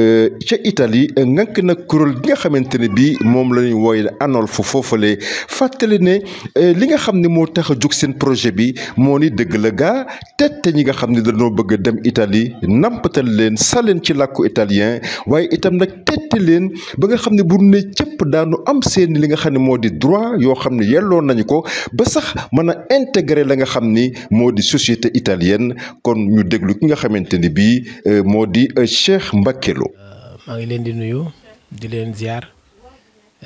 Euh, ca Italie ngànk nag kuréel gi nga xamante ne bii moom la ñuy wooye Anolfo lee fàttali ne euh, li nga xam ne moo tax a jóg seen projet bi moo ni dëgg la gaa tette ñi nga xam ne dañoo bëgg a dem Italie nampatal leen saleen ci làkku italien waaye itam nag tette leen ba nga xam ne bu ne cëpp daanu am seen li nga xam ne moo di droit yoo xam ne yelloon nañu ko ba sax mën a intégrer la nga xam ni moo di société italienne kon ñu déglu ki nga xamante ne bii euh, moo di Cheikh Mbakelo maa ngi nuyu di leen ziar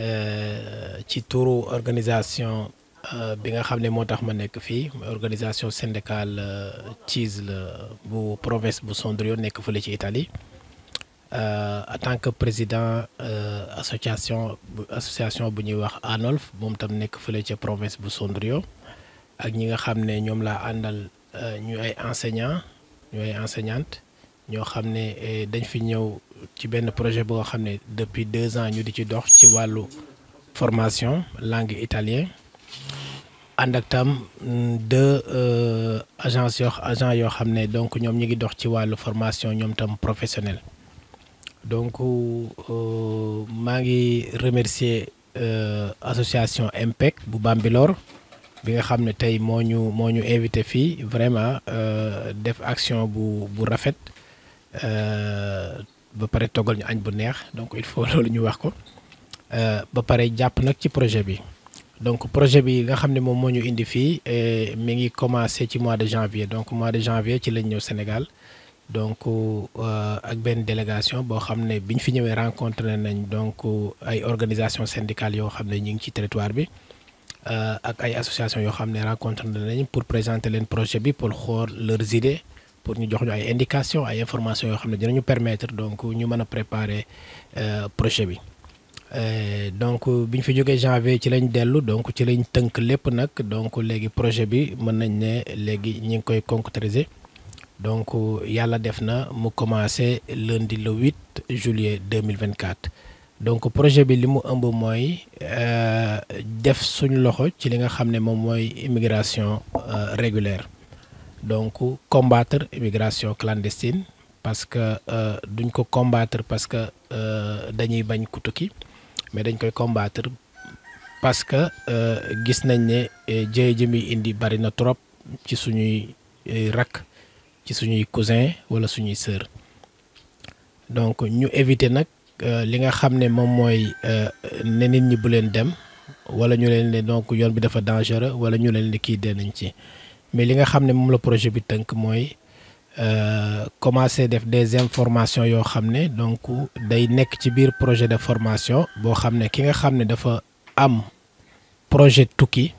eh, ci organisation eh, bi nga xam ne ma organisation syndicale eh, Thiès la bu province bu Sondrio nek fële ci Italie en tant que président association association bu ñuy wax ANOLF mom tam nek fële ci province bu Sondrio ak ñi nga xam ñom la andal ñu ay enseignants ñu ay enseignantes ñoo xam ne eh, dañ fi ñëw ci benn projet boo xam ne depuis deux ans ñu di ci dox ci wàllu formation langue italien ànd ak tam mm, deux euh, agence yoo agent yoo xam ne donc ñoom ñu ngi dox ci wàllu formation ñoom tam professionnel donc euh, maa ngi remercier euh, association MPEC bu Bambilor bi nga xam ne tey moo ñu moo ñu invité fii vraiment def action bu bu rafet euh, ba pare togal ñu añ bu neex donc il faut loolu ñu wax ko euh, ba pare jàpp nag ci projet bi donc projet bi nga xam ne moom moo ñu indi fii eh, mi ngi commencé ci mois de janvier donc mois de janvier ci lañ ñëw Sénégal donc euh, ak benn délégation boo xam ne bi ñu fi ñëwee rencontré nañ donc ay organisations syndicales yoo xam ne ñu ngi ci territoire bi ak ay associations yoo xam ne rencontré nañ pour présenter leen projet bi pour xool leurs idées pour ñu jox et indication ay information qui de permettre donc le euh, projet bi euh, donc biñ fi joggé janvier ci lañ déllu donc ci lépp donc projet bi mën nañ koy concrétiser donc commencé lundi le 8 juillet 2024 donc projet bi limu moy euh def suñu loxo ci li nga immigration euh, régulière donc combattre immigration clandestine parce que euh, duñ ko combattre parce que euh, dañuy bañ ku ki mais dañ koy combattre parce que euh, gis nañ ne jëye ji muy indi bari na trop ci suñuy rakk ci suñuy cousin wala suñuy sœur donc ñu invité nag li nga xam ne moom mooy ne nit ñi bu leen dem wala ñu leen ne donc yoon bi dafa dangereux wala ñu leen di kii dee nañ ci. mais li nga xam ne moom la projet bi tënk mooy euh, commencer def des informations yoo xam ne donc day nekk ci biir projet de formation boo xam ne ki nga xam ne dafa am projet tukki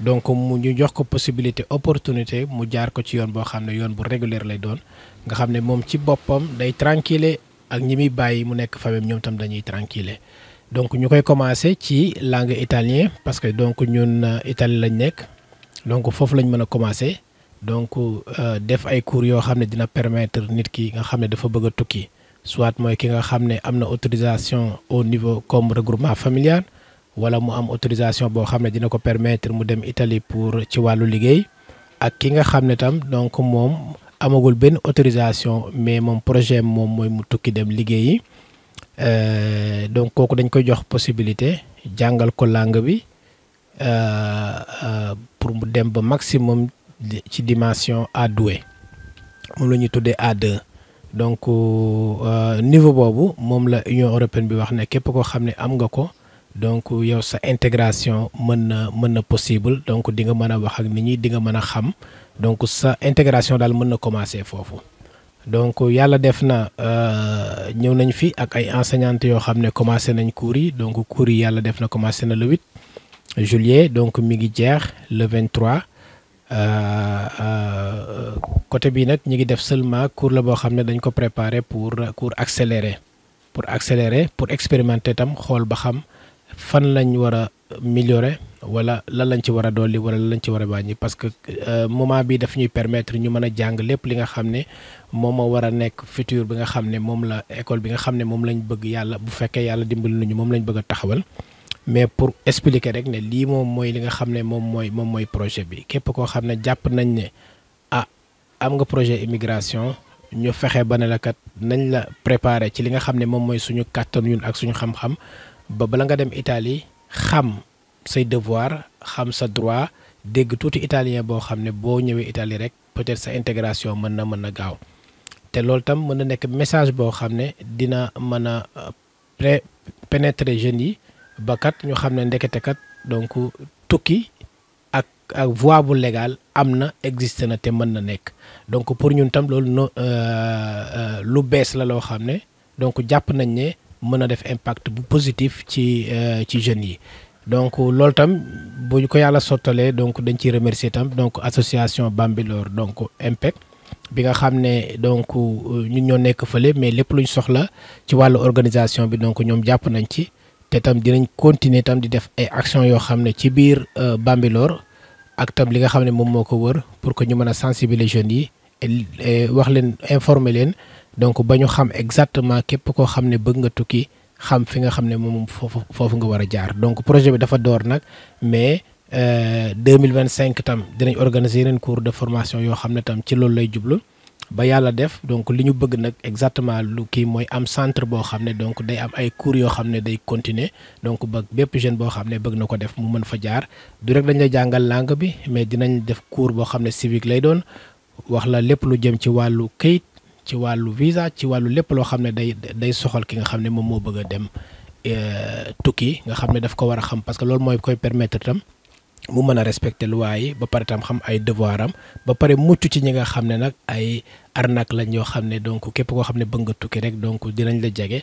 donc mu ñu jox ko possibilité opportunité mu jaar ko ci yoon boo xam ne yoon bu régulier lay doon nga xam ne moom ci boppam day tranquille ak ñi muy bàyyi mu nekk famille ñoom tam dañuy tranquille donc ñu koy commencer ci langue italien parce que donc ñun euh, italien lañ nekk donc foofu lañ mëna commencer donc euh, def ay cours yo xamné dina permettre nit ki nga xamné dafa bëgg tukki soit moy ki nga xamné amna autorisation au niveau comme regroupement familial wala mu am autorisation bo xamné ne dina ko permettre mu dem Italie pour ci walu liggéey ak ki nga xamné tam donc mom amagul ben autorisation mais mon projet mom moy mu tukki dem euh donc koku dañ koy jox possibilité jangal ko langue bi. Euh, euh, pour mu dem ba maximum ci dimension a moom la ñuy tuddee A2 donc euh, niveau boobu moom la Union européenne bi wax ne képp koo xam ne am nga ko donc yow sa intégration mën na mën na possible donc di nga mën a wax ak nit ñi di nga mën a xam donc sa intégration daal mën na commencer foofu. donc yàlla def na ñëw nañ fi ak ay enseignantes yoo xam ne commencé nañ cours yi donc cours yàlla def na commencé na le juillet donc mi ngi jeex le 23 euh, euh, côté bi nag ñu ngi def seulement cours la boo xam ne dañ ko préparer pour cours accéléré pour accélérer pour expérimenté tam xool ba xam fan lañ war a améliorer wala lan lañ ci war a dolli wala lan lañ ci war a wàññi parce que euh, moment bi daf ñuy permettre ñu mën a jàng lépp li nga xam ne moom moo war a nekk futur bi nga xam ne moom la école bi nga xam ne moom lañ bëgg yàlla bu fekkee yàlla dimbali nañu moom lañ bëgg a taxawal. mais pour expliquer rek ne li mom moy li nga xam mom moy mom moy projet bi kep ko xam japp nañ ne ah am nga projet immigration ñu fexé banela kat nañ la préparer ci li nga xam mom moy suñu kàttan ñun ak suñu xam-xam ba bala nga dem Italie xam say devoir xam sa droit dégg tout italien bo xam bo ñëwé Italie rek peut-être sa intégration mën na mën na gaaw te loolu tam mëna nek message bo xam dina mëna euh, pénétrer jeune yi bakat ñu xamné ndekete kat donc tukki ak ak voie bu légal amna na existe na te mën na nekk donc pour ñun tam loolu no euh, euh, lu bees la lo xamné donc japp nañ né mëna def impact bu positif ci euh, ci jeune yi donc lool tam bu ko yalla sotalé donc dañ ci remercier tam donc association Bambilor donc impact bi nga xamné donc ñun ñoo nek feulé mais lepp luñ soxla ci wàllu organisation bi donc ñom japp nañ ci. te tam dinañ continuer tam di def ay actions yoo xam ne ci biir euh, Bambilor ak tam li nga xam ne moom moo ko wër pour que ñu mën a sensibiliser jeunes yi wax leen informer leen donc ba ñu xam exactement képp koo xam ne bëgg nga tukki xam fi nga xam ne moom foofu foofu nga war a jaar donc projet bi dafa door nag mais 2025 euh, tam dinañ organiser yeneen cours de formation yoo xam ne tam ci loolu lay jublu. ba yàlla def donc li ñu bëgg nag exactement lu kii mooy am centre boo xam ne donc day am ay cours yoo xam ne day continuer donc ba bépp jeune boo xam ne bëgg na ko def mu mën fa jaar du rek dañ la jàngal langue bi mais dinañ def cours boo xam ne civique lay doon wax la lépp lu jëm ci wàllu këyit ci wàllu visa ci wàllu lépp loo xam ne day day soxal ki nga xam ne moom moo bëgg a dem euh, tukki nga xam ne daf ko war a xam parce que loolu mooy koy permettre tam mu mën a respecter lu waaye ba pare tam xam ay devoir am ba pare mucc ci ñi nga xam ne nag ay arnaque lañ yoo xam ne donc képp koo xam ne bëgg nga tukki rek donc dinañ la jege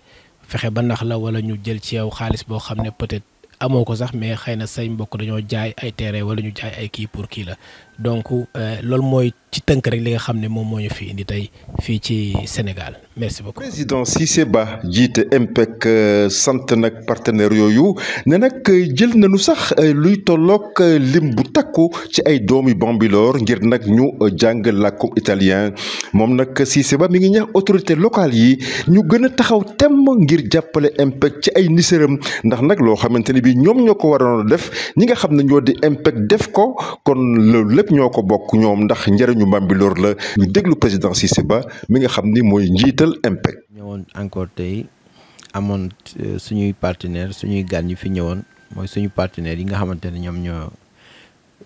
fexe ba nax la wala ñu jël ci yow xaalis boo xam ne peut-être amoo ko sax mais xëy na say mbokk dañoo jaay ay terrain wala ñu jaay ay kii pour kii la donc euh, lol moy ci tënk rek li nga xam mom moom ñu fi indi tay fi ci Sénégal merci beaucoup. président Cissé Ba jité impact e euh, sant nak partenaire yoyu né nak euh, jël nañu sax luy tolok lim bu takku ci ay doomi Bambilor ngir nak ñu jàng làkkum italien mom nak Cissé Ba mi ngi ñax autorité locale yi ñu gëna taxaw temm ngir jappalé impact e ci ay nisëram ndax nak lo xamanteni bi ñom ñoko ko def ñi nga xam ñoo di impact e def ko kon loolu ñëpp ñoo ko bokk ñoom ndax njëriñu Bambilor la ñu déglu président Cissé Ba mi nga xam ni mooy njiital MPEC. ñëwoon encore tey amoon euh, suñuy partenaires suñuy gan yu fi ñëwoon mooy suñu partenaires yi nga xamante ne ñoom ñoo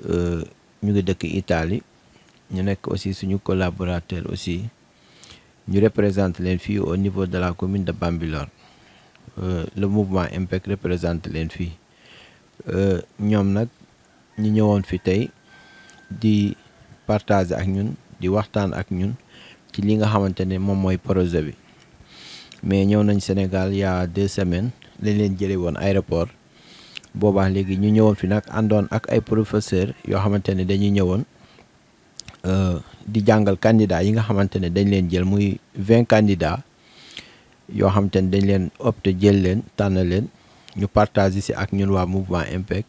euh, ñu ngi dëkk Italie ñu nekk aussi suñu collaborateur aussi ñu représente leen fii au niveau de la commune de Bambilor euh, le mouvement MPEC représente leen fii ñoom nag ñu ñëwoon fii tey. di partager ak ñun di waxtaan ak ñun ci li nga xamante ne moom mooy projet bi mais ñëw nañ Sénégal y a deux semaines lañ leen jëlee woon aéroport boobaa léegi ñu ñëwoon fi nag àndoon ak ay professeur yoo xamante ne dañuy ñëwoon euh, di jàngal candidat yi nga xamante ne dañ leen jël muy vingt candidats yoo xamante ne dañ leen opté jël leen tànn leen ñu partage si ak ñun waa Mouvement Impact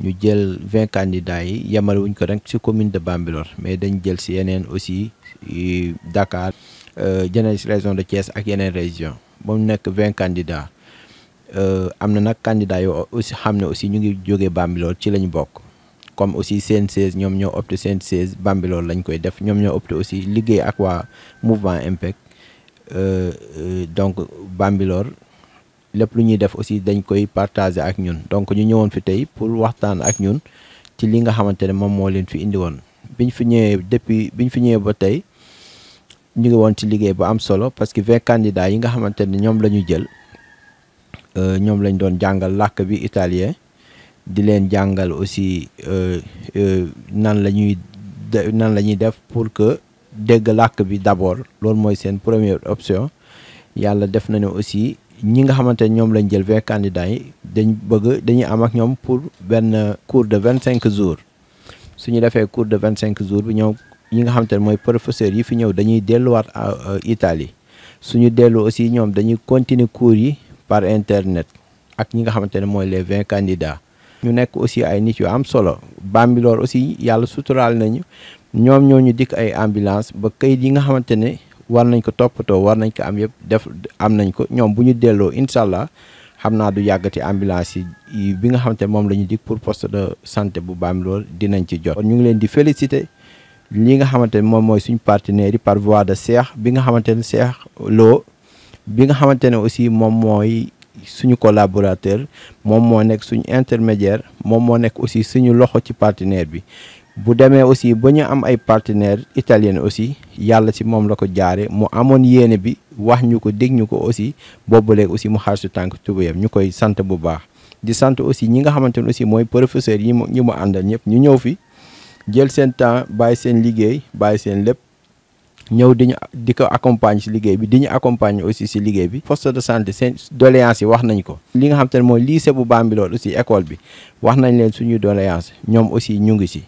ñu jël vingt candidats yi yemal wuñ ko rek ci commune de Bambilor mais dañ jël ci yeneen aussi Dakar euh, yeneen région de Thiès ak yeneen région moom mu nekk vingt candidats euh, am na nag candidats yoo aussi xam ne aussi ñu ngi jógee Bambilor ci lañ bokk comme aussi seen 16 ñoom ñoo opté seen 16 Bambilor lañ koy def ñoom ñoo opté aussi liggéey ak waa mouvement Impact euh, donc Bambilor lépp lu ñuy def aussi dañ koy partager ak ñun donc ñu ñëwoon fi tey pour waxtaan ak ñun ci li nga xamante ne moom moo leen fi indi woon biñ fi ñëwee depuis biñ fi ñëwee ba tey ñu ngi woon ci liggéey bu am solo parce que vingt candidats yi nga xamante ne ñoom la ñu jël euh, ñoom lañ doon jàngal làkk bi italien di leen jàngal aussi euh, euh, nan la ñuy nan la def pour que dégg làkk bi d'abord loolu mooy seen première option yàlla def nañu aussi ñi nga xamante ñoom lañ jël vingt candidats yi dañ bëgg dañuy am ak ñoom pour benn cours de vingt cinq jours su ñu defee cours de vingt cinq jours bu ñoom ñi nga xamante ne mooy professeurs yi fi ñëw dañuy delluwaat euh, euh, Italie suñu dellu aussi ñoom dañuy continuer cours yi par internet ak ñi nga xamante ne mooy les vingt candidats. ñu nekk aussi ay nit yu am solo Bambilor aussi yàlla suturaal nañu ñoom ñoo ñu dikk ay ambulance ba kayit yi nga xamante ne. war nañ ko toppatoo war nañ ko am yëpp def am nañ ko ñoom bu ñu delloo incha allah xam naa du yàggati ambulance yi bi nga xam te moom la ñu dig pour poste de santé bu Bambilor dinañ ci jot. ñu ngi leen di féliciter li nga xamante ne moom mooy suñu partenaire yi par de Cheikh bi nga xamante ne Cheikh Lo bi nga xamante ne aussi moom mooy suñu collaborateur moom moo nekk suñu intermédiaire moom moo nekk aussi suñu loxo ci partenaire bi. bu demee aussi ba ñu am ay partenaires italiens aussi yàlla ci moom la ko jaare mu amoon yéene bi wax ñu ko dégg ñu ko aussi boobu aussi mu xaar su tànk tubéyam ñu koy sant bu baax di sant aussi ñi nga xamante ne aussi mooy professeurs yi mu ñi mu àndal ñëpp ñu ñëw fi jël seen temps bàyyi seen liggéey bàyyi seen lépp ñëw di ñu di ko accompagne ci liggéey bi di ñu accompagne aussi si liggéey bi poste de santé seen doléance yi wax nañ ko li nga xam te mooy lycée bu Bambilor aussi école bi wax nañ leen suñuy doléance ñoom aussi ñu ngi ci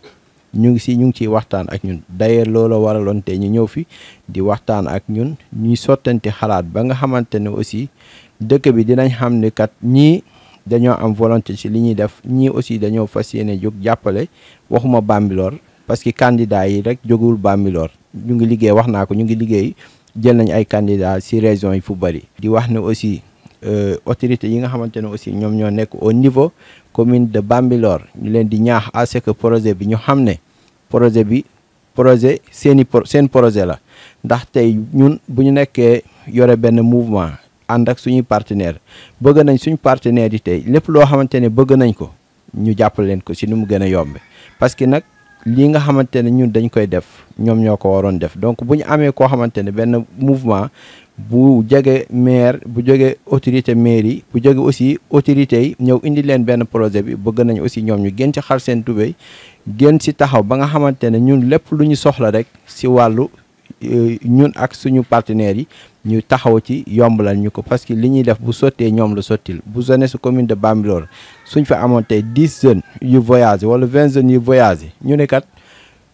ñu ngi si ñu ngi ciy waxtaan ak ñun d'ailleurs loola waraloon te ñu ñëw fi di waxtaan ak ñun ñu sottante xalaat ba nga xamante ne aussi dëkk bi dinañ xam ne kat ñii dañoo am volonté ci li ñuy def ñii aussi dañoo fas yéene jóg jàppale waxuma Bambilor parce que candidat yi rek jógul Bambilor ñu ngi liggéey wax naa ko ñu ngi liggéey jël nañ ay candidat si région yi fu bëri di wax ne aussi euh, autorités yi nga xamante ne aussi ñoom ñoo nekk au niveau commune de Bambilor ñu leen di ñaax à ce que projet bi ñu xam ne projet bi projet seeni i seen projet la ndax tey ñun bu ñu nekkee yore benn mouvement ànd ak suñuy partenaire bëgg nañ suñu partenaires yi tey lépp loo xamante ne bëgg nañ ko ñu jàppale leen ko si nu mu gën a yombe parce que nag lii nga xamante ne ñun dañ koy def ñoom ñoo ko waroon def donc bu ñu amee koo xamante ne benn mouvement bu jege maire bu jege autorité maire yi bu jege aussi autorités yi ñëw indi leen benn projet bi bëgg nañ aussi ñoom ñu gën ci xar seen tubéy génn ci taxaw ba nga xamante ne ñun lépp lu ñu soxla rek ci wàllu euh, ñun ak suñu partenaires yi ñu taxaw ci yombalal ñu ko parce que li ñuy def bu sottee ñoom la sottil bu zone su commune de Bambilor suñ fa amoon tey dix jeunes yu voyage wala vingt jeunes yu yi ñu ne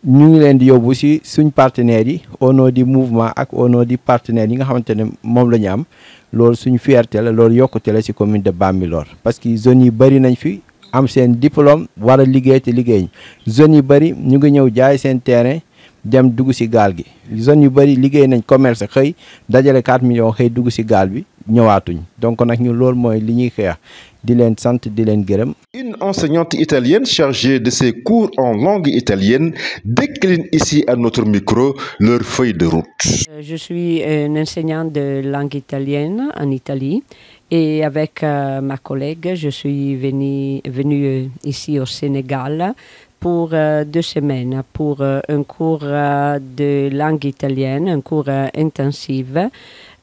ñu ngi leen di yóbbu si suñ partenaires yi au nom du mouvement ak au nom du partenaires yi nga xamante ne moom la ñu am loolu suñ fierté la loolu yokkute la si commune de Bambilor parce que zones yi bëri nañ fi am seen diplôme war a liggéey te liggéey zones yi bëri ñu ngi ñëw jaay seen terrain dem dugg si gaal gi zone yu bari liggéey nañ commerce xey dajale 4 millions xey dugg si bi ñewatuñ donc nak ñu lool moy liñuy xex di leen di leen Une enseignante italienne chargée de ses cours en langue italienne décline ici à notre micro leur feuille de route. Euh, je suis une enseignante de langue italienne en Italie et avec euh, ma collègue, je suis venue, venue ici au Sénégal pour euh, deux semaines pour euh, un cours euh, de langue italienne, un cours intensive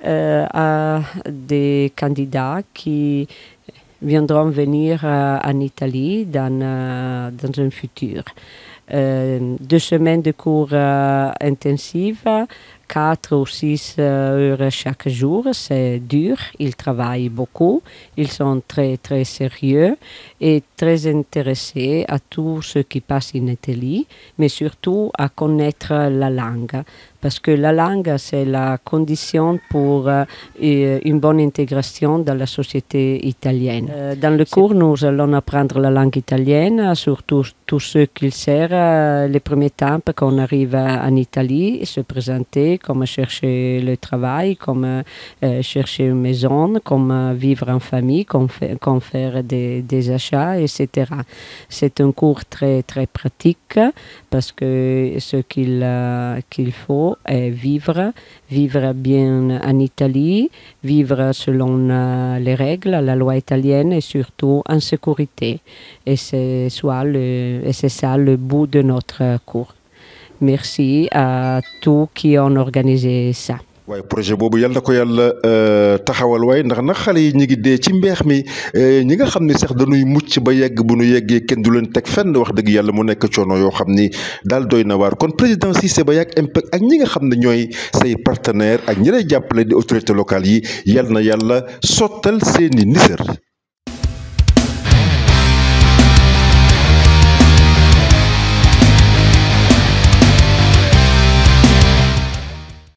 à des candidats qui viendront venir en Italie dans, dans un futur. deux semaines de cours intensifs quatre ou six euh, heures chaque jour. C'est dur. Ils travaillent beaucoup. Ils sont très, très sérieux et très intéressés à tout ce qui passe en Italie, mais surtout à connaître la langue. Parce que la langue, c'est la condition pour euh, euh, une bonne intégration dans la société italienne. dans le cours, nous allons apprendre la langue italienne, surtout tout ce qu'il sert les premiers temps qu'on arrive en Italie, se présenter comme chercher le travail, comme euh, chercher une maison, comme euh, vivre en famille, comme, faire des, achats, etc. C'est un cours très, très pratique parce que ce qu'il euh, qu'il faut est vivre, vivre bien en Italie, vivre selon les règles, la loi italienne et surtout en sécurité. Et c'est ça le bout de notre cours merci à tous qui ont organisé ça. waaye projet bobu yalla ko yalla euh taxawal way ndax na xalé yi ñi ngi dé ci mbeex mi euh ñi nga xamni ne sax dañuy mucc ba yegg bu ñu yeggé kenn du leen tek fenn wax dëgg yalla mu nekk ciono yo xamni dal doyna war kon président Cissé Ba yak impact ak ñi nga xamni ñoy say partenaire ak ñi lay jappalé di autorité locale yi yalla na yalla sotal seeni niser